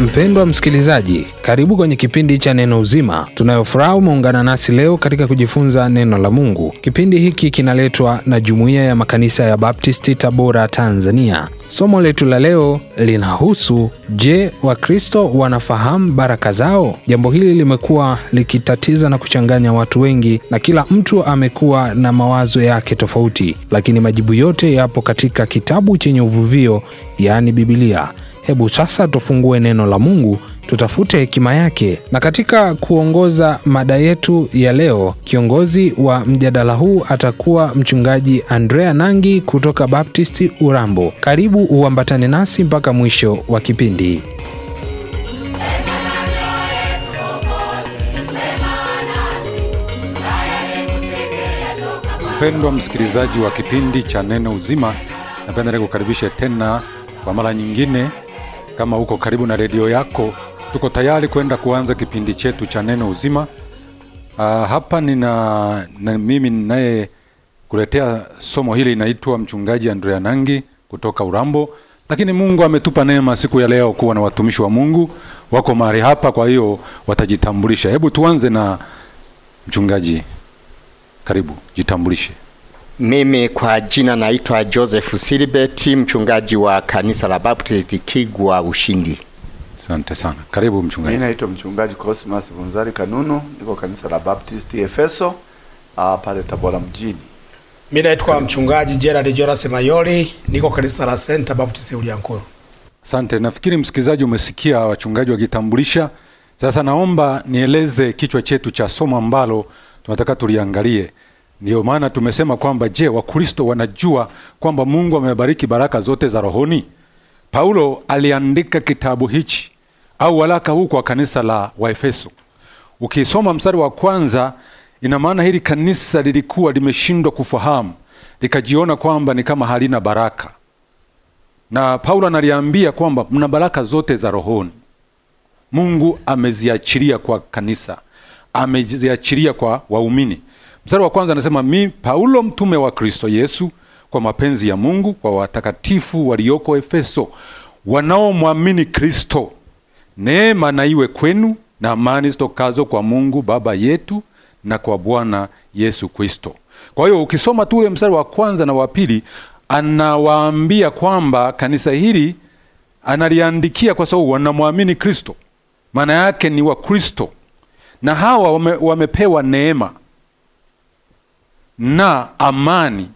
Mpendwa msikilizaji, karibu kwenye kipindi cha Neno Uzima. Tunayofuraha umeungana nasi leo katika kujifunza neno la Mungu. Kipindi hiki kinaletwa na Jumuiya ya Makanisa ya Baptisti Tabora, Tanzania. Somo letu la leo linahusu je, Wakristo wanafahamu baraka zao? Jambo hili limekuwa likitatiza na kuchanganya watu wengi, na kila mtu amekuwa na mawazo yake tofauti, lakini majibu yote yapo katika kitabu chenye uvuvio, yaani Bibilia. Hebu sasa tufungue neno la Mungu, tutafute hekima yake. Na katika kuongoza mada yetu ya leo, kiongozi wa mjadala huu atakuwa mchungaji Andrea Nangi kutoka Baptisti Urambo. Karibu uambatane nasi mpaka mwisho wa kipindi. Mpendwa msikilizaji wa kipindi cha Neno Uzima, napenda kukaribisha tena kwa mara nyingine kama uko karibu na redio yako, tuko tayari kwenda kuanza kipindi chetu cha neno uzima. Uh, hapa nina na mimi ninaye kuletea somo hili inaitwa mchungaji Andrea Nangi kutoka Urambo, lakini Mungu ametupa neema siku ya leo kuwa na watumishi wa Mungu wako mahali hapa, kwa hiyo watajitambulisha. Hebu tuanze na mchungaji, karibu jitambulishe. Mimi kwa jina naitwa Joseph Silibeti, mchungaji wa kanisa la Baptist Kigwa Ushindi. Asante sana. Karibu mchungaji. Mimi naitwa mchungaji Cosmas Bunzari Kanunu, niko kanisa la Baptist Efeso uh, pale Tabora mjini. Mimi naitwa mchungaji Gerald Jonas Mayoli, niko kanisa la Center Baptist Uliankuru. Asante. Nafikiri msikilizaji, umesikia wachungaji wakitambulisha. Sasa naomba nieleze kichwa chetu cha somo ambalo tunataka tuliangalie. Ndiyo maana tumesema kwamba je, Wakristo wanajua kwamba Mungu amebariki baraka zote za rohoni? Paulo aliandika kitabu hichi au walaka huu kwa kanisa la Waefeso. Ukisoma mstari wa kwanza, ina maana hili kanisa lilikuwa limeshindwa kufahamu, likajiona kwamba ni kama halina baraka, na Paulo analiambia kwamba mna baraka zote za rohoni. Mungu ameziachilia kwa kanisa, ameziachilia kwa waumini Mstari wa kwanza anasema mi Paulo mtume wa Kristo Yesu kwa mapenzi ya Mungu kwa watakatifu walioko Efeso wanaomwamini Kristo, neema na iwe kwenu na amani zitokazo kwa Mungu Baba yetu na kwa Bwana Yesu Kristo. Kwa hiyo ukisoma tu ule mstari wa kwanza na wa pili, anawaambia kwamba kanisa hili analiandikia kwa sababu wanamwamini Kristo, maana yake ni Wakristo na hawa wame, wamepewa neema na amani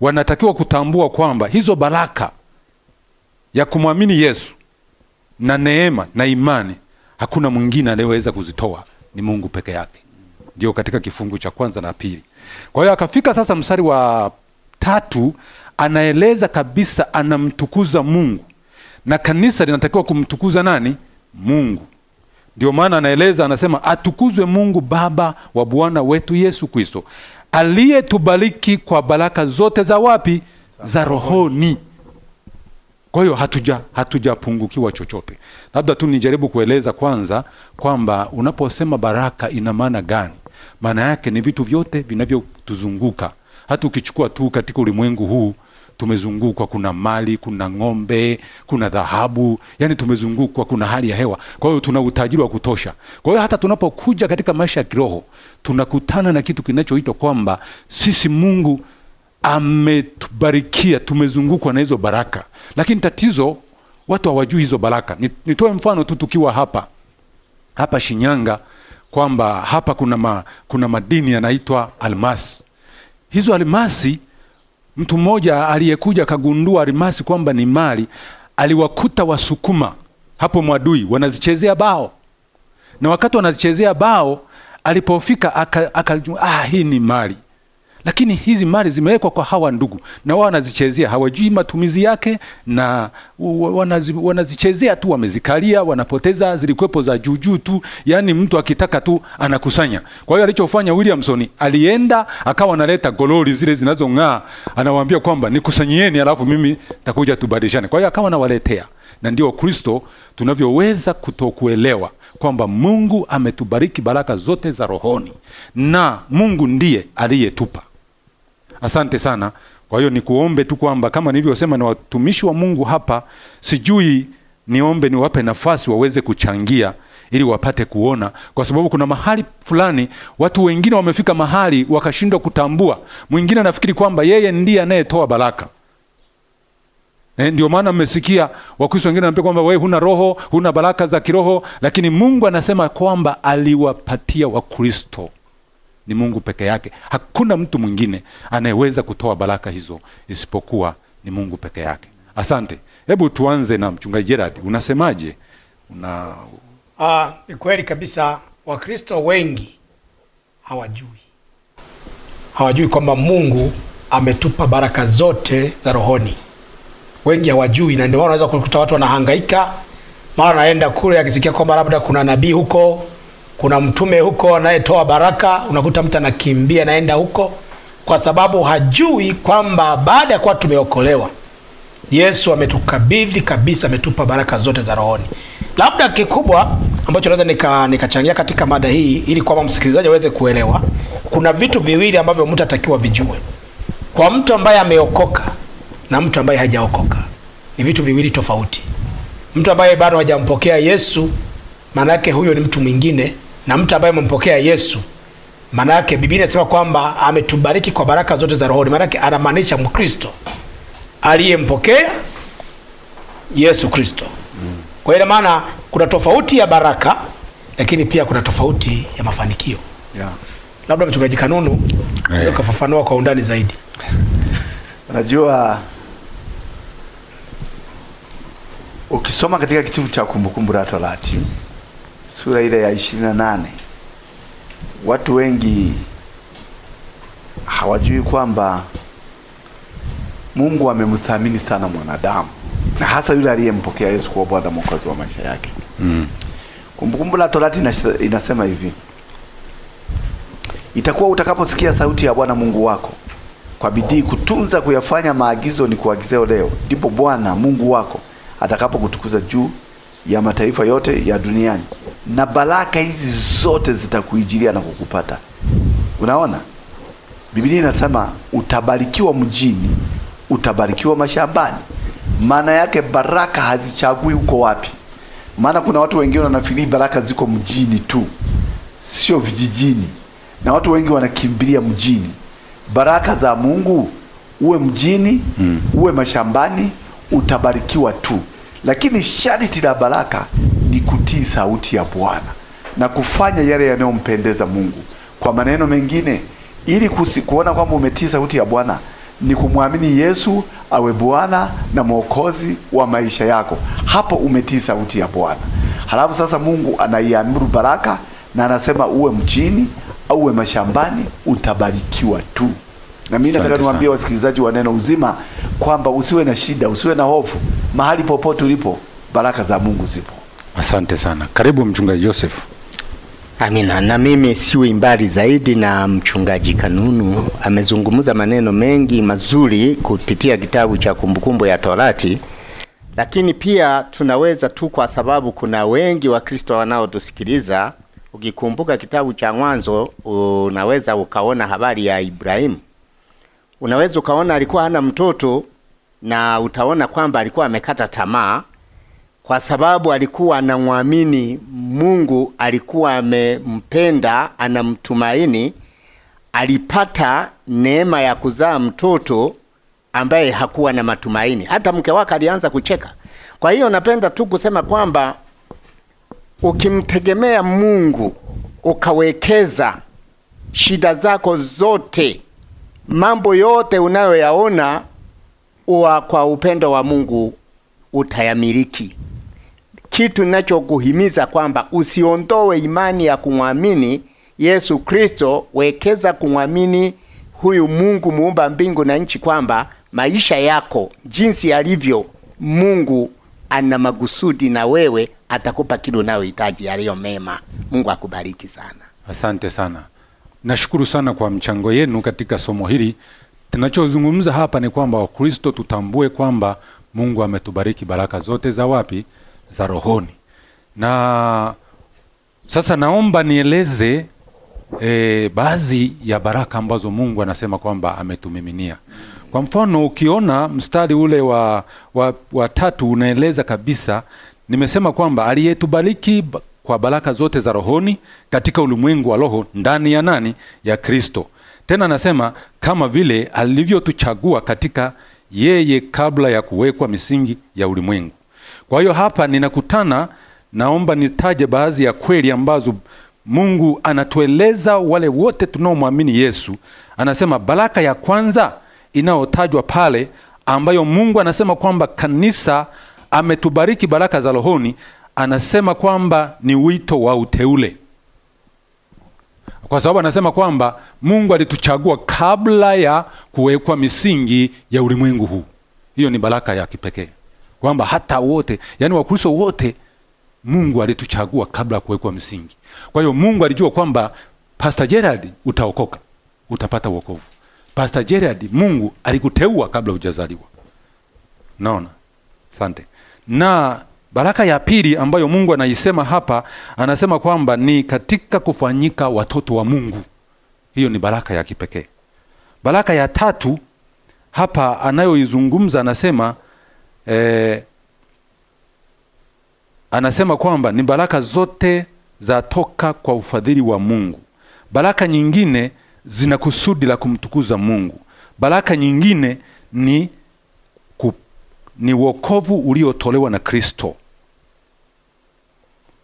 wanatakiwa kutambua kwamba hizo baraka ya kumwamini Yesu na neema na imani hakuna mwingine anayeweza kuzitoa, ni Mungu peke yake. Ndio katika kifungu cha kwanza na pili. Kwa hiyo akafika sasa mstari wa tatu, anaeleza kabisa, anamtukuza Mungu na kanisa linatakiwa kumtukuza nani? Mungu. Ndio maana anaeleza, anasema atukuzwe Mungu Baba wa Bwana wetu Yesu Kristo aliyetubariki kwa baraka zote za wapi? Za rohoni. Kwa hiyo hatuja hatujapungukiwa chochote. Labda tu nijaribu kueleza kwanza kwamba unaposema baraka ina maana gani? Maana yake ni vitu vyote vinavyotuzunguka hata ukichukua tu katika ulimwengu huu tumezungukwa, kuna mali, kuna ng'ombe, kuna dhahabu, yani tumezungukwa, kuna hali ya hewa. Kwa hiyo tuna utajiri wa kutosha. Kwa hiyo hata tunapokuja katika maisha ya kiroho tunakutana na kitu kinachoitwa kwamba sisi Mungu ametubarikia, tumezungukwa na hizo baraka, lakini tatizo watu hawajui hizo baraka. Nitoe mfano tu, tukiwa hapa hapa Shinyanga kwamba hapa kuna, ma, kuna madini yanaitwa almasi hizo almasi. Mtu mmoja aliyekuja akagundua almasi kwamba ni mali, aliwakuta Wasukuma hapo Mwadui wanazichezea bao, na wakati wanazichezea bao alipofika aka, aka, ah, hii ni mali lakini hizi mali zimewekwa kwa hawa ndugu, na wao wanazichezea, hawajui matumizi yake, na wanazi, wanazichezea tu, wamezikalia, wanapoteza. Zilikuwepo za juujuu tu, yani mtu akitaka tu anakusanya. Kwa hiyo alichofanya Williamson, alienda akawa analeta gololi zile zinazong'aa, anawaambia kwamba nikusanyieni, alafu mimi takuja tubadilishane. Kwa hiyo akawa nawaletea, na ndio Kristo tunavyoweza kutokuelewa kwamba Mungu ametubariki baraka zote za rohoni na Mungu ndiye aliyetupa. Asante sana. Kwa hiyo nikuombe tu kwamba kama nilivyosema, ni watumishi wa Mungu hapa, sijui niombe niwape nafasi waweze kuchangia ili wapate kuona, kwa sababu kuna mahali fulani watu wengine wamefika mahali wakashindwa kutambua. Mwingine anafikiri kwamba yeye ndiye anayetoa baraka. E, ndio maana mmesikia Wakristo wengine wanaambia kwamba wewe huna roho, huna baraka za kiroho, lakini Mungu anasema kwamba aliwapatia Wakristo ni Mungu peke yake. Hakuna mtu mwingine anayeweza kutoa baraka hizo isipokuwa ni Mungu peke yake. Asante. Hebu tuanze na mchungaji Gerard, unasemaje? Una ah, ni kweli kabisa. Wakristo wengi hawajui, hawajui kwamba Mungu ametupa baraka zote za rohoni. Wengi hawajui, na ndio wanaweza kukuta watu wanahangaika, mara anaenda kule akisikia kwamba labda kuna nabii huko kuna mtume huko anayetoa baraka, unakuta mtu anakimbia naenda huko kwa sababu hajui kwamba baada ya kuwa tumeokolewa Yesu ametukabidhi kabisa, ametupa baraka zote za rohoni. Labda kikubwa ambacho naweza nika nikachangia katika mada hii ili kwamba msikilizaji aweze kuelewa, kuna vitu viwili ambavyo mtu atakiwa vijue, kwa mtu ambaye ameokoka na mtu ambaye hajaokoka ni vitu viwili tofauti. Mtu ambaye bado hajampokea Yesu, maana yake huyo ni mtu mwingine, na mtu ambaye amempokea Yesu, maana yake Biblia inasema kwamba ametubariki kwa baraka zote za rohoni. Maana yake anamaanisha Mkristo aliyempokea Yesu Kristo. Kwa hiyo maana kuna tofauti ya baraka, lakini pia kuna tofauti ya mafanikio yeah. Labda mchungaji Kanunu yeah. ukafafanua kwa undani zaidi. Unajua, ukisoma katika kitabu cha Kumbukumbu la Torati sura ile ya ishirini na nane watu wengi hawajui kwamba Mungu amemthamini sana mwanadamu na hasa yule aliyempokea Yesu kuwa Bwana Mwokozi wa maisha yake. Mm. Kumbukumbu la Torati inasema hivi, itakuwa utakaposikia sauti ya Bwana Mungu wako kwa bidii kutunza kuyafanya maagizo ni kuagizeo leo, ndipo Bwana Mungu wako atakapokutukuza juu ya mataifa yote ya duniani, na baraka hizi zote zitakuijilia na kukupata. Unaona, Biblia inasema utabarikiwa mjini, utabarikiwa mashambani. Maana yake baraka hazichagui uko wapi. Maana kuna watu wengine wanafikiri baraka ziko mjini tu, sio vijijini, na watu wengi wanakimbilia mjini. Baraka za Mungu, uwe mjini, hmm. uwe mashambani, utabarikiwa tu, lakini sharti la baraka ni kutii sauti ya Bwana na kufanya yale yanayompendeza Mungu. Kwa maneno mengine, ili kuona kwamba umetii sauti ya Bwana ni kumwamini Yesu awe Bwana na Mwokozi wa maisha yako. Hapo umetii sauti ya Bwana. Halafu sasa Mungu anaiamuru baraka na anasema uwe mjini au uwe mashambani utabarikiwa tu. Na mimi nataka niwaambie wasikilizaji wa Neno Uzima kwamba usiwe na shida, usiwe na hofu. Mahali popote ulipo, baraka za Mungu zipo. Asante sana, karibu mchungaji Joseph. Amina. Na mimi siwi mbali zaidi na mchungaji Kanunu, amezungumza maneno mengi mazuri kupitia kitabu cha Kumbukumbu ya Torati, lakini pia tunaweza tu, kwa sababu kuna wengi Wakristo wanaotusikiliza. Ukikumbuka kitabu cha Mwanzo, unaweza ukaona habari ya Ibrahimu, unaweza ukaona alikuwa hana mtoto, na utaona kwamba alikuwa amekata tamaa kwa sababu alikuwa anamwamini Mungu, alikuwa amempenda, anamtumaini. Alipata neema ya kuzaa mtoto ambaye hakuwa na matumaini. Hata mke wake alianza kucheka. Kwa hiyo napenda tu kusema kwamba ukimtegemea Mungu ukawekeza shida zako zote, mambo yote unayoyaona, uwa kwa upendo wa Mungu utayamiliki kitu nachokuhimiza kwamba usiondoe imani ya kumwamini Yesu Kristo, wekeza kumwamini huyu Mungu muumba mbingu na nchi, kwamba maisha yako jinsi yalivyo, Mungu ana magusudi na wewe, atakupa kile unayohitaji, yaliyo mema. Mungu akubariki sana. Asante sana, nashukuru sana kwa mchango yenu katika somo hili. Tunachozungumza hapa ni kwamba Wakristo tutambue kwamba Mungu ametubariki baraka zote za wapi? za rohoni. Na sasa naomba nieleze e, baadhi ya baraka ambazo Mungu anasema kwamba ametumiminia. Kwa mfano ukiona mstari ule wa, wa, wa tatu unaeleza kabisa, nimesema kwamba aliyetubariki kwa baraka zote za rohoni katika ulimwengu wa roho ndani ya nani? Ya Kristo. Tena anasema kama vile alivyotuchagua katika yeye kabla ya kuwekwa misingi ya ulimwengu kwa hiyo hapa ninakutana, naomba nitaje baadhi ya kweli ambazo Mungu anatueleza wale wote tunaomwamini Yesu. Anasema baraka ya kwanza inayotajwa pale, ambayo Mungu anasema kwamba kanisa ametubariki baraka za rohoni, anasema kwamba ni wito wa uteule, kwa sababu anasema kwamba Mungu alituchagua kabla ya kuwekwa misingi ya ulimwengu huu. Hiyo ni baraka ya kipekee kwamba hata wote, yani Wakristo wote Mungu alituchagua kabla ya kuwekwa msingi. Kwa hiyo Mungu alijua kwamba Pastor Gerard utaokoka, utapata wokovu. Pastor Gerard, Mungu alikuteua kabla hujazaliwa. Naona, asante. Na baraka ya pili ambayo Mungu anaisema hapa, anasema kwamba ni katika kufanyika watoto wa Mungu. Hiyo ni baraka ya kipekee. Baraka ya tatu hapa anayoizungumza anasema e, anasema kwamba ni baraka zote zatoka kwa ufadhili wa Mungu. Baraka nyingine zina kusudi la kumtukuza Mungu. Baraka nyingine ni ku, ni wokovu uliotolewa na Kristo.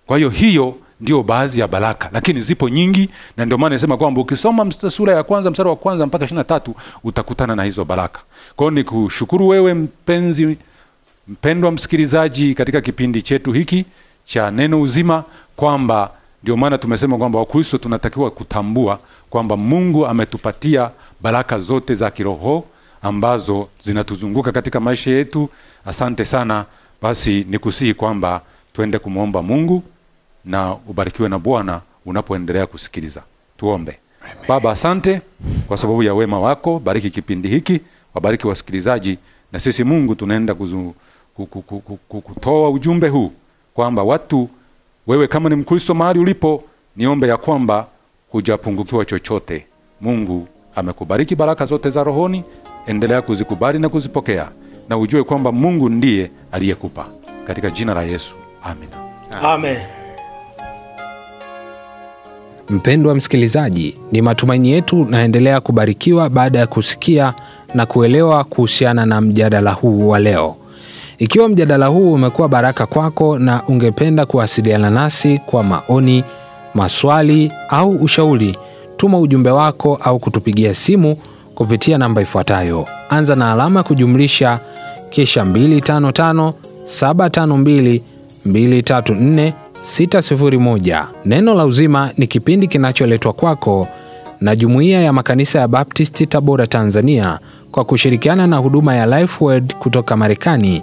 Kwa hiyo hiyo ndio baadhi ya baraka, lakini zipo nyingi, na ndio maana nasema kwamba ukisoma sura ya kwanza mstari wa kwanza mpaka ishirini na tatu utakutana na hizo baraka. Kwa hiyo nikushukuru wewe mpenzi Mpendwa msikilizaji, katika kipindi chetu hiki cha neno uzima, kwamba ndio maana tumesema kwamba Wakristo tunatakiwa kutambua kwamba Mungu ametupatia baraka zote za kiroho ambazo zinatuzunguka katika maisha yetu. Asante sana. Basi nikusihi kwamba twende kumwomba Mungu na ubarikiwe na Bwana unapoendelea kusikiliza. Tuombe. Amen. Baba, asante kwa sababu ya wema wako, bariki kipindi hiki, wabariki wasikilizaji, na sisi Mungu tunaenda kuzu kutoa ujumbe huu kwamba watu, wewe kama ni Mkristo mahali ulipo, niombe ya kwamba hujapungukiwa chochote. Mungu amekubariki baraka zote za rohoni, endelea kuzikubali na kuzipokea, na ujue kwamba Mungu ndiye aliyekupa. Katika jina la Yesu, amina, amen. Mpendwa msikilizaji, ni matumaini yetu naendelea kubarikiwa baada ya kusikia na kuelewa kuhusiana na mjadala huu wa leo. Ikiwa mjadala huu umekuwa baraka kwako na ungependa kuwasiliana nasi kwa maoni, maswali au ushauri, tuma ujumbe wako au kutupigia simu kupitia namba ifuatayo: anza na alama kujumlisha kisha 255 Neno la Uzima ni kipindi kinacholetwa kwako na Jumuiya ya Makanisa ya Baptisti Tabora, Tanzania, kwa kushirikiana na huduma ya Lifeword kutoka Marekani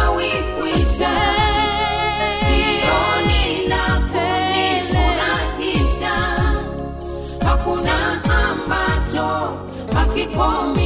for me.